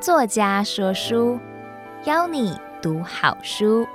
作家說書，邀你讀好書。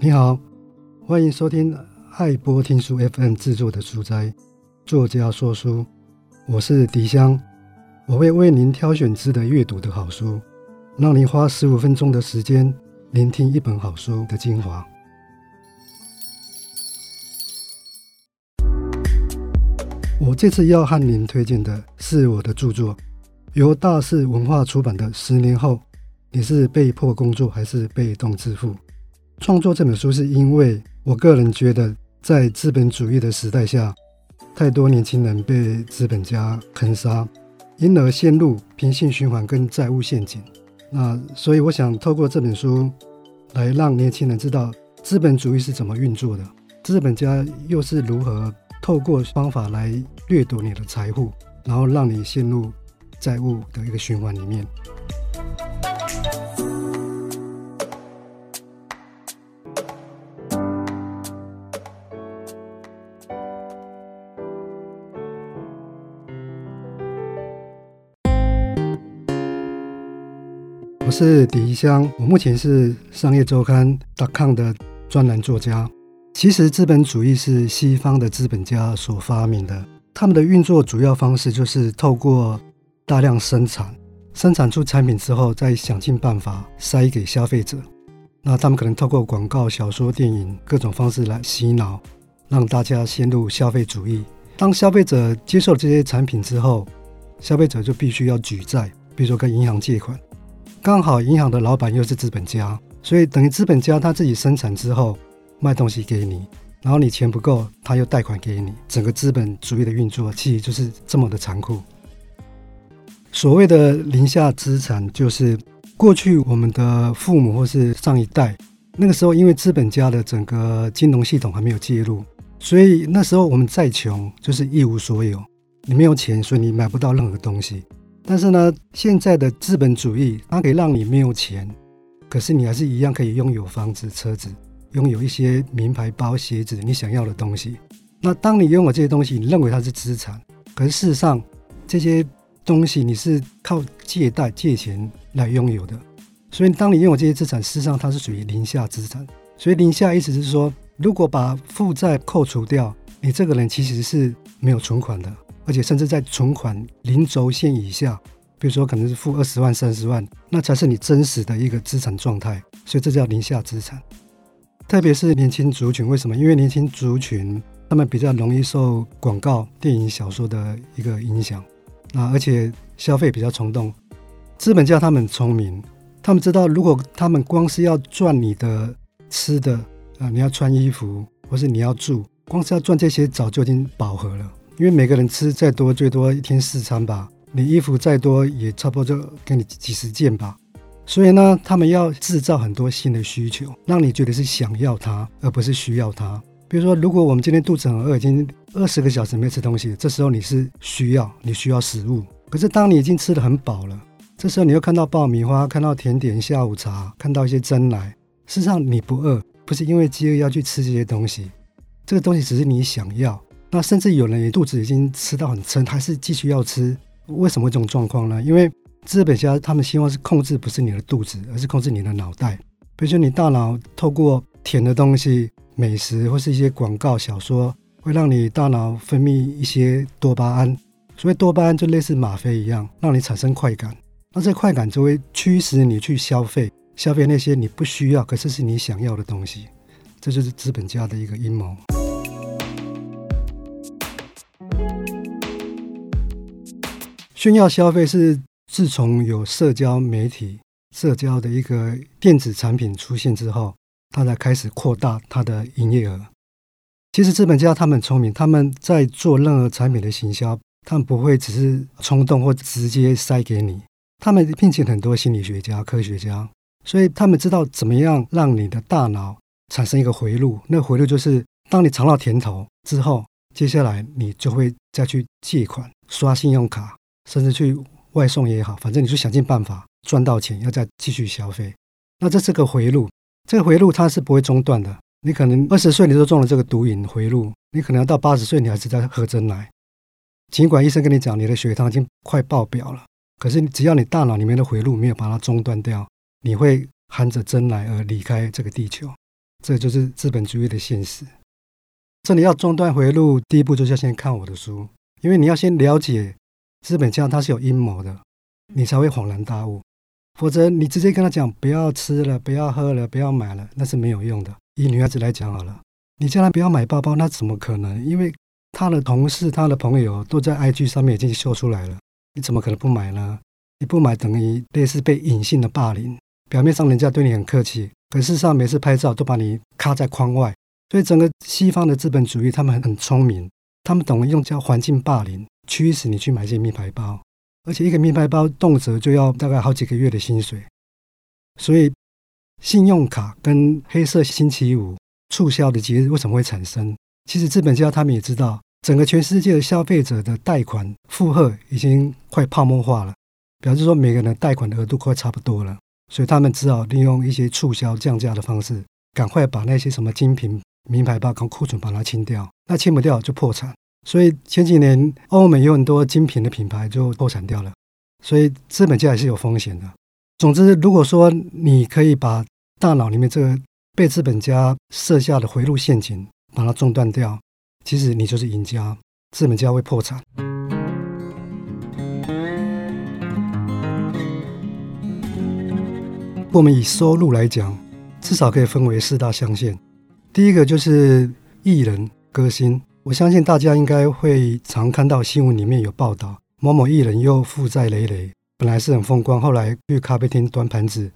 你好，歡迎收聽愛播聽書 FM 製作的書齋作家說書，我是狄驤。我會為您挑選值得閱讀的好書，讓您花十五分鐘的時間聆聽一本好書的精華。我這次要和您推薦的是我的著作，由大是文化出版的《十年後，你是被迫工作還是被動致富》。創作這本書是因為我個人覺得，在資本主義的時代下，太多年輕人被資本家坑殺。因而陷入平性循環跟債務陷阱。那所以我想透過這本書來讓年輕人知道資本主義是怎麼運作的，資本家又是如何透過方法來掠奪你的財富，然後讓你陷入債務的一個循環裡面。是狄驤，我目前是商業周刊 .com 的專欄作家。其實資本主義是西方的資本家所發明的，他們的運作主要方式就是透過大量生產，生產出產品之後，再想盡辦法塞給消費者。那他們可能透過廣告、小說、電影各種方式來洗腦，讓大家陷入消費主義。當消費者接受這些產品之後，消費者就必須要舉債，比如說跟銀行借款。剛好銀行的老板又是資本家，所以等於資本家他自己生產之後賣東西給你，然後你錢不夠，他又貸款給你。整個資本主義的運作其實就是這麼的殘酷。所謂的零下資產，就是過去我們的父母或是上一代，那個時候因為資本家的整個金融系統還沒有介入，所以那時候我們再窮就是一無所有，你沒有錢，所以你買不到任何東西。但是呢，現在的資本主義它可以讓你沒有錢，可是你還是一樣可以擁有房子、車子，擁有一些名牌包、鞋子，你想要的東西。那當你擁有這些東西，你認為它是資產，可是事實上這些東西你是靠借貸借錢來擁有的。所以當你擁有這些資產，事實上它是屬於零下資產。所以零下意思是說，如果把負債扣除掉，你這個人其實是沒有存款的。而且甚至在存款零軸線以下，比如說可能是負二十萬、三十萬，那才是你真實的一個資產狀態，所以這叫零下資產。特別是年輕族群，為什麼？因為年輕族群他們比較容易受廣告、電影、小說的一個影響，啊，而且消費比較衝動。資本家他們聰明，他們知道如果他們光是要賺你的吃的啊、呃，你要穿衣服，或是你要住，光是要賺這些早就已經飽和了。因為每個人吃再多，最多一天四餐吧。你衣服再多，也差不多就給你幾十件吧。所以呢，他們要制造很多新的需求，讓你覺得是想要它，而不是需要它。比如說，如果我們今天肚子很餓，已經二十個小時沒吃東西，這時候你是需要，你需要食物。可是當你已經吃得很飽了，這時候你又看到爆米花，看到甜點、下午茶，看到一些珍奶，事實上你不餓，不是因為飢餓要去吃這些東西，這個東西只是你想要。那甚至有人你肚子已經吃到很撐，還是繼續要吃？為什麼這種狀況呢？因為資本家他們希望是控制，不是你的肚子，而是控制你的腦袋。比如說，你大腦透過甜的東西、美食或是一些廣告、小說，會讓你大腦分泌一些多巴胺。所謂多巴胺，就類似嗎啡一樣，讓你產生快感。那這快感就會驅使你去消費，消費那些你不需要，可是是你想要的東西。這就是資本家的一個陰謀。炫耀消費是自從有社交媒體、社交的一個電子產品出現之後，它才開始擴大它的營業額。其實資本家他們很聰明，他們在做任何產品的行銷，他們不會只是衝動或直接塞給你。他們聘請很多心理學家、科學家，所以他們知道怎麼樣讓你的大腦產生一個回路。那回路就是，當你嘗到甜頭之後，接下來你就會再去借款、刷信用卡。甚至去外送也好，反正你就想盡辦法賺到錢，要再繼續消費。那這是個回路，這個回路它是不會中斷的。你可能二十歲你就中了這個毒癮回路，你可能要到八十歲你還是在喝珍奶。盡管醫生跟你講你的血糖已經快爆表了，可是只要你大腦裡面的回路沒有把它中斷掉，你會含着珍奶而離開這個地球。這就是資本主義的現實。這裡要中斷回路，第一步就是要先看我的書，因為你要先了解。資本家他是有陰謀的，你才會恍然大悟，否則你直接跟他講不要吃了，不要喝了，不要買了，那是沒有用的。以女孩子來講好了，你叫他不要買包包，那怎麼可能？因為他的同事、他的朋友都在 IG 上面已經秀出來了，你怎麼可能不買呢？你不買等於類似被隱性的霸凌，表面上人家對你很客氣，可事實上每次拍照都把你卡在框外。所以整個西方的資本主義，他們很聰明，他們懂得用叫環境霸凌，驅使你去買一些名牌包，而且一個名牌包動輒就要大概好幾個月的薪水，所以信用卡跟黑色星期五促銷的節日為什麼會產生？其實資本家他們也知道，整個全世界的消費者的貸款負荷已經快泡沫化了，表示說每個人貸款的額度快差不多了，所以他們只好利用一些促銷降價的方式，趕快把那些什麼精品名牌包跟庫存把它清掉，那清不掉就破產。所以前幾年，歐美有很多精品的品牌就破產掉了。所以資本家也是有風險的。總之，如果說你可以把大腦裡面這個被資本家設下的回路陷阱把它中斷掉，其實你就是贏家，資本家會破產。我們以收入來講，至少可以分為四大象限。第一個就是藝人歌星。我相信大家應該會常看到新聞裡面有報道，某某藝人又負債累累，本來是很風光，後來去咖啡廳端盤子，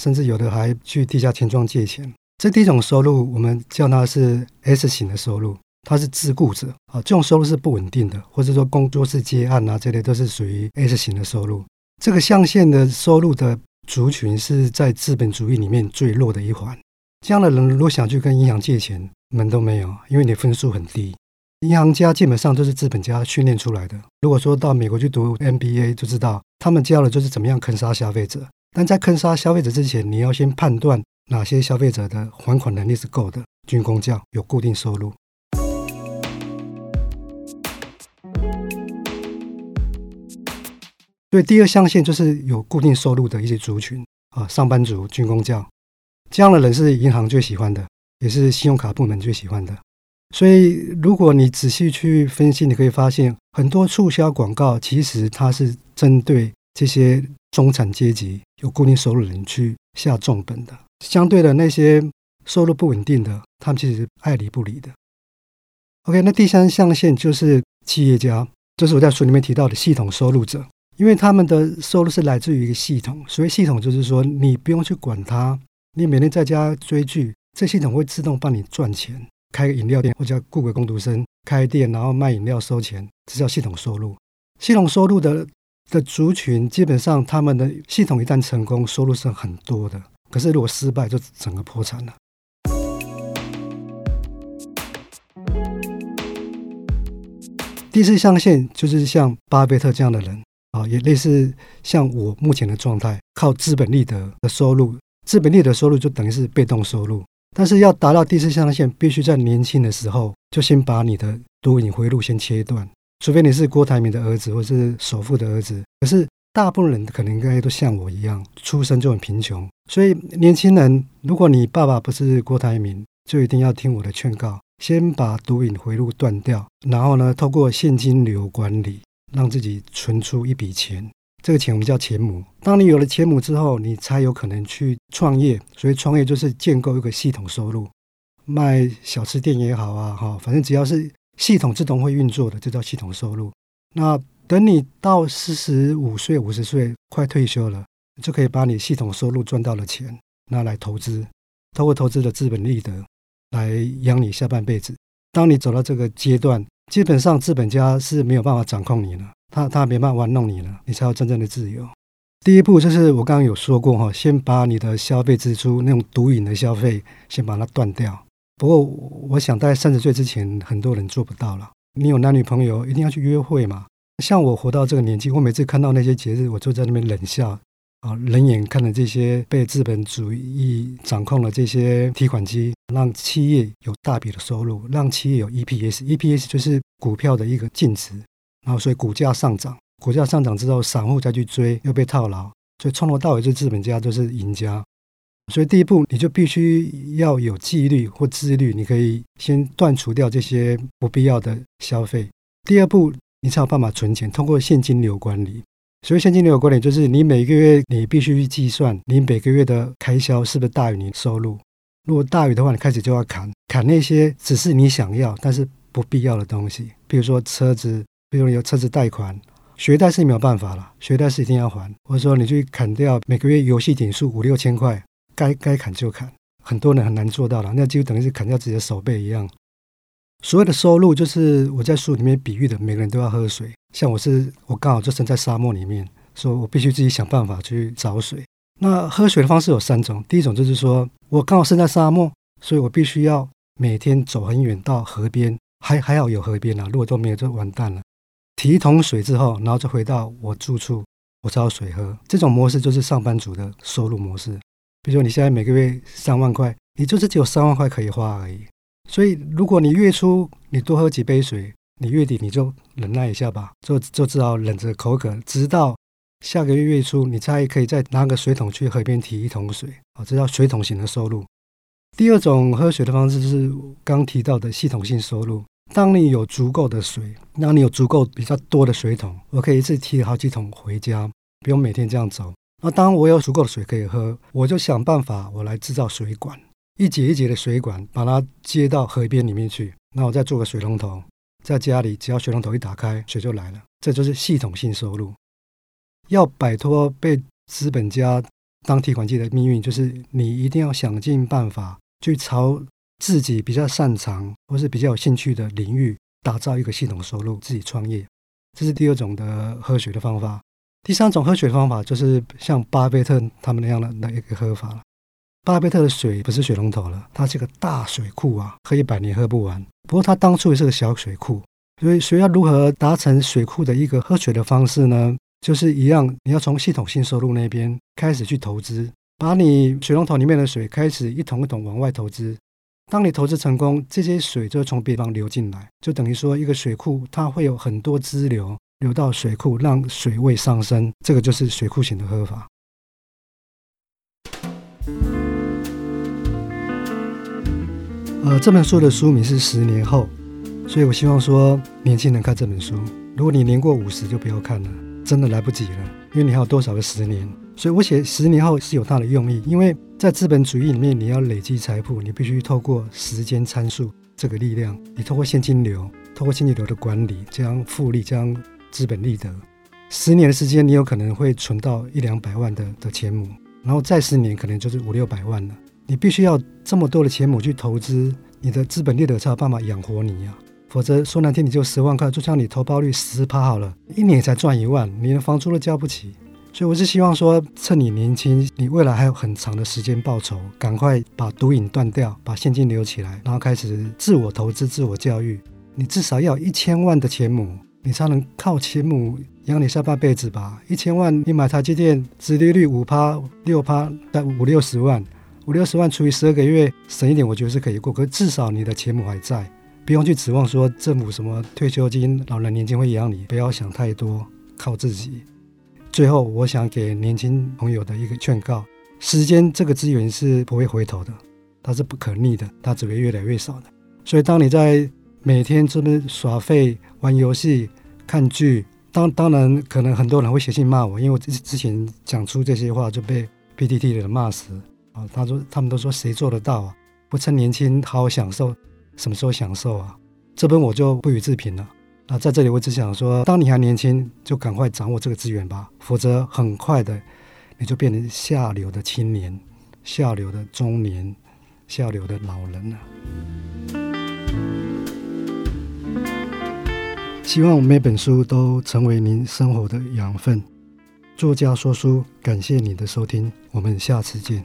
甚至有的還去地下錢莊借錢。這第一種收入，我們叫它是 S 型的收入，它是自雇者啊，這種收入是不穩定的，或者說工作室接案啊，這類都是屬於 S 型的收入。這個象限的收入的族群是在資本主義裡面最弱的一環。這樣的人如果想去跟銀行借錢，門都沒有，因為你分數很低。銀行家基本上都是資本家訓練出來的。如果說到美國去讀 MBA，就知道他們教的就是怎麼樣坑殺消費者。但在坑殺消費者之前，你要先判斷哪些消費者的還款能力是夠的，軍公教有固定收入。所以，第二象限就是有固定收入的一些族群啊，上班族、軍公教這樣的人是銀行最喜歡的，也是信用卡部門最喜歡的。所以，如果你仔細去分析，你可以發現很多促銷廣告其實它是針對這些中產階級、有固定收入人去下重本的。相對的，那些收入不穩定的，他們其實愛理不理的。OK，那第三象限就是企業家，就是我在書裡面提到的系統收入者，因為他們的收入是來自於一個系統，所以系統就是說你不用去管它，你每天在家追劇，這系統會自動幫你賺錢。開個飲料店，或者叫雇個工讀生開店，然後賣飲料收錢，這叫系統收入。系統收入的的族群，基本上他們的系統一旦成功，收入是很多的。可是如果失敗，就整個破產了。第四象限就是像巴菲特這樣的人啊，也類似像我目前的狀態，靠資本利得的收入。資本利得的收入就等於是被動收入。但是要達到第四象限，必須在年輕的時候就先把你的毒癮回路先切斷，除非你是郭台銘的兒子，或是首富的兒子。可是大部分人可能應該都像我一樣，出生就很貧窮，所以年輕人，如果你爸爸不是郭台銘，就一定要聽我的勸告，先把毒癮回路斷掉，然後呢，透過現金流管理，讓自己存出一筆錢。這個錢我們叫錢母。當你有了錢母之後，你才有可能去創業。所以創業就是建構一個系統收入，賣小吃店也好啊，哈、哦，反正只要是系統自動會運作的，就叫系統收入。那等你到四十五歲、五十歲快退休了，就可以把你系統收入賺到的錢拿來投資，透過投資的資本利得來養你下半輩子。當你走到這個階段，基本上資本家是沒有辦法掌控你了。他他沒辦法玩弄你了，你才有真正的自由。第一步就是我剛剛有說過哈，先把你的消費支出那種毒癮的消費，先把它斷掉。不過我想在三十歲之前，很多人做不到了。你有男女朋友，一定要去約會嘛？像我活到這個年紀，我每次看到那些節日，我就在那邊冷笑啊，冷、呃、眼看着這些被資本主義掌控的這些提款機，讓企業有大筆的收入，讓企業有 EPS，EPS、e、就是股票的一個淨值。然後，所以股價上漲，股價上漲之後，散戶再去追，又被套牢。所以從頭到尾，這資本家都、就是贏家。所以第一步，你就必須要有紀律或自律。你可以先斷除掉這些不必要的消費。第二步，你才有辦法存錢，通過現金流管理。所謂現金流管理，就是你每個月你必須去計算，你每個月的開銷是不是大於你收入。如果大於的話，你開始就要砍砍那些只是你想要但是不必要的東西，比如說車子。比如你有車子貸款，學貸是沒有辦法了，學貸是一定要還。或者說你去砍掉每個月遊戲點數五六千塊，該該砍就砍。很多人很難做到了，那就等於是砍掉自己的手背一樣。所謂的收入，就是我在書裡面比喻的，每個人都要喝水。像我是我剛好就生在沙漠裡面，所以我必須自己想辦法去找水。那喝水的方式有三種，第一種就是說我剛好生在沙漠，所以我必須要每天走很遠到河邊，還還好有河邊啊，如果都沒有就完蛋了。提一桶水之後，然後就回到我住處，我找水喝。這種模式就是上班族的收入模式。比如說，你現在每個月三萬塊，你就是只有三萬塊可以花而已。所以，如果你月初你多喝幾杯水，你月底你就忍耐一下吧，就就只好忍着口渴，直到下個月月初，你才可以再拿個水桶去河邊提一桶水。啊、哦，這叫水桶型的收入。第二種喝水的方式就是剛提到的系統性收入。當你有足夠的水，那你有足夠比較多的水桶，我可以一次提好幾桶回家，不用每天這樣走。那當我有足夠的水可以喝，我就想辦法，我來制造水管，一節一節的水管，把它接到河邊裡面去。那我再做個水龍頭，在家裡只要水龍頭一打開，水就來了。這就是系統性收入。要擺脫被資本家當提款機的命運，就是你一定要想盡辦法去朝。自己比較擅長或是比較有興趣的領域，打造一個系統收入，自己創業，這是第二種的喝水的方法。第三種喝水的方法就是像巴菲特他們那樣的那一個喝法。巴菲特的水不是水龍頭了，它是個大水庫啊，喝一百年喝不完。不過他當初也是個小水庫，所以誰要如何達成水庫的一個喝水的方式呢？就是一樣，你要從系統性收入那邊開始去投資，把你水龍頭裡面的水開始一桶一桶往外投資。當你投資成功，這些水就從別方流進來，就等於說一個水庫，它會有很多支流流到水庫，讓水位上升。這個就是水庫型的喝法。呃，這本書的書名是《十年後》，所以我希望說年輕人看這本書，如果你年過五十就不要看了，真的來不及了，因為你還有多少個十年？所以我寫十年後是有它的用意，因為在資本主義裡面，你要累積財富，你必須透過時間參數這個力量，你透過現金流、透過現金流的管理，將複利將資本利得。十年的時間，你有可能會存到一兩百萬的的錢母，然後再十年可能就是五六百萬了。你必須要這麼多的錢母去投資，你的資本利得才有辦法養活你啊，否則說難聽，你就十萬塊，就像你投報率十趴好了，一年才賺一萬，你的房租都交不起。所以我是希望說，趁你年輕，你未來還有很長的時間報仇，趕快把毒癮斷掉，把現金留起來，然後開始自我投資、自我教育。你至少要一千萬的錢母，你才能靠錢母養你下半輩子吧？一千萬你買台這件資金率五趴、六趴，五六十萬，五六十萬除以十二個月，省一點，我覺得是可以過。可是至少你的錢母還在，不用去指望說政府什麼退休金、老人年金會養你，不要想太多，靠自己。最後，我想給年輕朋友的一個勸告：時間這個資源是不會回頭的，它是不可逆的，它只會越來越少的。所以，當你在每天這邊耍廢、玩遊戲、看劇，當當然可能很多人會寫信罵我，因為我之之前講出這些話就被 PTT 的人罵死啊。他說他們都說誰做得到啊？不趁年輕好好享受，什麼時候享受啊？這邊我就不予置評了。啊，在這裡我只想說，當你還年輕，就趕快掌握這個資源吧，否則很快的你就變成下流的青年、下流的中年、下流的老人了啊。希望我們每本書都成為您生活的養分。作家說書，感謝您的收聽，我們下次見。